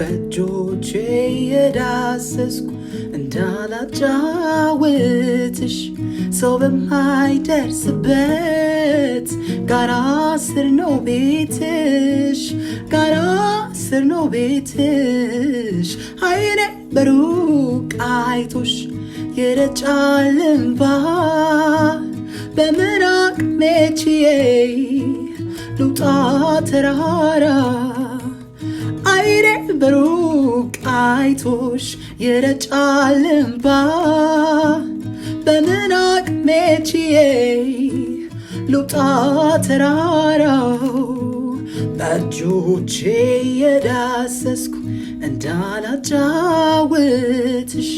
በእጆቼ የዳሰስኩ እንዳላጫውትሽ ሰው በማይደርስበት ጋራ ስር ነው ቤትሽ፣ ጋራ ስር ነው ቤትሽ። አይኔ በሩቅ አይቶሽ የረጫልምባ በምራቅ ሜችዬ ልውጣ ተራራ በሩቅ አይቶሽ የረጫልንባ በምን በምናቅ ሜችዬ ልውጣ ተራራው በእጆቼ የዳሰስኩ እንዳላጫውትሽ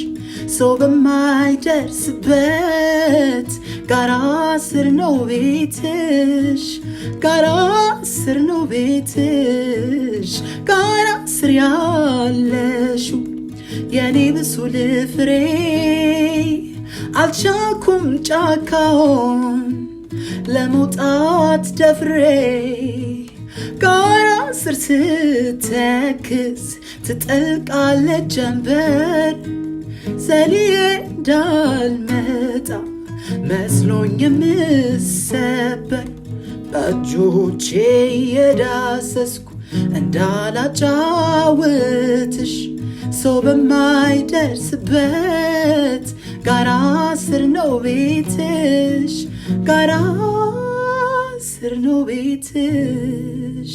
ሰው በማይደርስበት ጋራ ስር ነው ቤትሽ ጋራ ስር ነው ቤትሽ ስር ያለሹ የኔ ብሱል ፍሬ አልቻኩም ጫካውን ለመውጣት ደፍሬ ጋራ ስር ስተክዝ ትጠልቃለች ጀንበር ዘልዬ እንዳልመጣ መስሎኝ የምሰበር በእጆቼ የዳሰስኩ እንዳላጫውትሽ ሰው በማይደርስበት ጋራ ስር ነው ቤትሽ፣ ጋራ ስር ነው ቤትሽ።